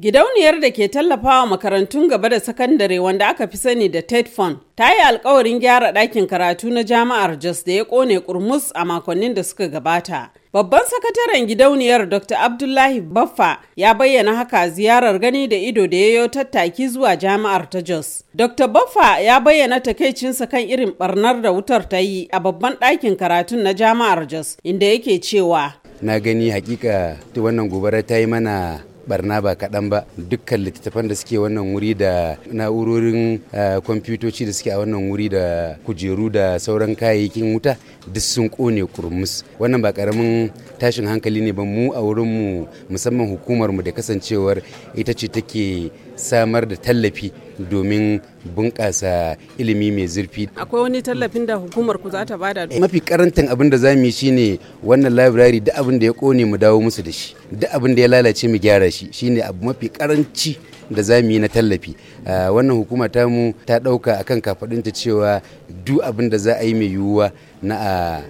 Gidauniyar da ke tallafawa makarantun gaba da sakandare wanda aka fi sani da TED Fund ta yi alkawarin gyara ɗakin karatu na Jama'ar Jos da ya ƙone kurmus a makonnin da suka gabata. Babban sakataren gidauniyar Dr. Abdullahi Baffa ya bayyana haka ziyarar gani da ido da ya yi tattaki zuwa Jama'ar ta Jos. Dr. Baffa ya bayyana takaicinsa kan irin barnar da wutar ta yi a babban ɗakin karatun na Jama'ar Jos inda yake cewa. Na gani hakika wannan gobara ta yi mana barna ba kaɗan ba dukkan littattafan da suke wannan wuri da na'urorin eh, kwamfutoci da suke a wannan wuri da kujeru da sauran kayayyakin wuta duk sun kone kurmus wannan ba karamin tashin hankali ne ba mu a wurinmu musamman hukumarmu da kasancewar ita ce take samar da tallafi domin bunƙasa ilimi mai zurfi. Akwai wani tallafin da hukumar ku za ta bada? Eh, mafi karantan abin da za mu yi shine wannan labirari da abin da ya kone mu dawo musu da shi, da abin da ya lalace mu gyara shi, shine abu mafi karanci da za mu yi na tallafi. Ah, wannan hukuma ta mu ta ɗauka akan kafaɗinta cewa duk abin da za a yi mai yiwuwa na a ah,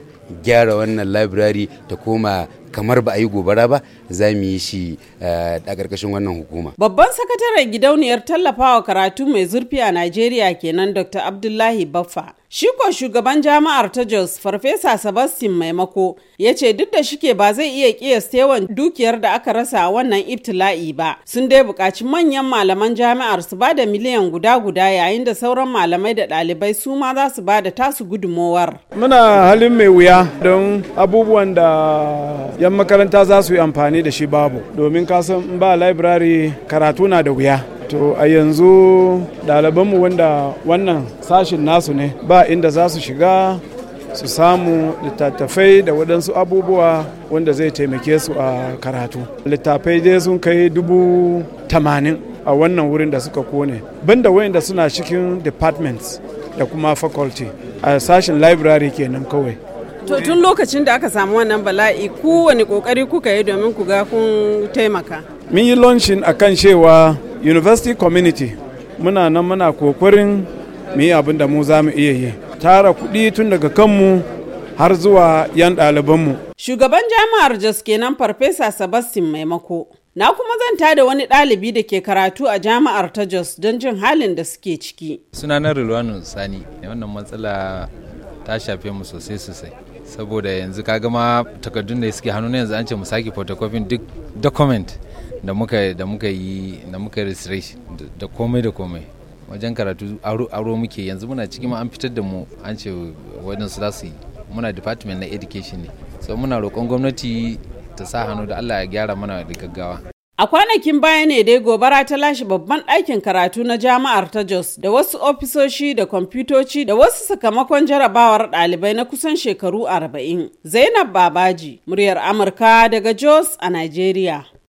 gyara wannan labirari ta koma kamar ba a yi gobara ba za mu yi shi eh, a ƙarƙashin wannan hukuma. Babban sakataren gidauniyar tallafawa karatu mai zurfi a Najeriya kenan Dr. Abdullahi Baffa. Shi ko shugaban jami'ar ta Jos Farfesa Sebastian Maimako ya ce duk da shike ba zai iya kiyastewan dukiyar da aka rasa wannan ibtila'i ba. Sun dai buƙaci manyan malaman jami'ar su ba da miliyan guda guda yayin da sauran malamai da ɗalibai su ma za su ba da tasu gudumowar. Muna halin mai wuya don abubuwan da yan makaranta za su yi amfani da shi babu domin kasan in ba library karatu na da wuya to a yanzu ɗalibanmu wanda wannan sashin nasu ne ba inda za su shiga su samu littattafai da waɗansu abubuwa wanda zai taimake su a karatu littattafai dai sun kai dubu tamanin a wannan wurin da suka kone banda da suna cikin departments da kuma faculty a sashin library kenan kawai To tun lokacin da aka samu wannan bala'i kowane kokari kuka yi domin ku ga kun taimaka. Mun yi launching a kan cewa University Community muna nan muna kokarin mu yi abin da mu za mu iya yi. Tara kuɗi tun daga kanmu har zuwa 'yan ɗalibanmu. Shugaban jami'ar Jos kenan Farfesa Sebastian Maimako. Na kuma zanta da wani ɗalibi da ke karatu a jami'ar ta Jos don jin halin da suke ciki. Sunanar Rilwanu Sani, wannan matsala ta shafe mu sosai sosai. saboda yanzu kaga ma takardun da suke hannu yanzu an ce mu sake photocopy duk document da muka da muka yi da muka registration da komai da komai wajen karatu aro aro muke yanzu muna cikin an fitar da mu an ce waɗansu za su yi muna department na education ne so muna roƙon gwamnati ta sa hannu da Allah ya gyara mana da gaggawa A kwanakin baya ne dai gobara ta lashe babban ɗakin karatu na jama'ar ta Jos da wasu ofisoshi da kwamfutoci da wasu sakamakon jarabawar ɗalibai na kusan shekaru arba'in. Zainab Babaji, muryar Amurka daga Jos a Najeriya.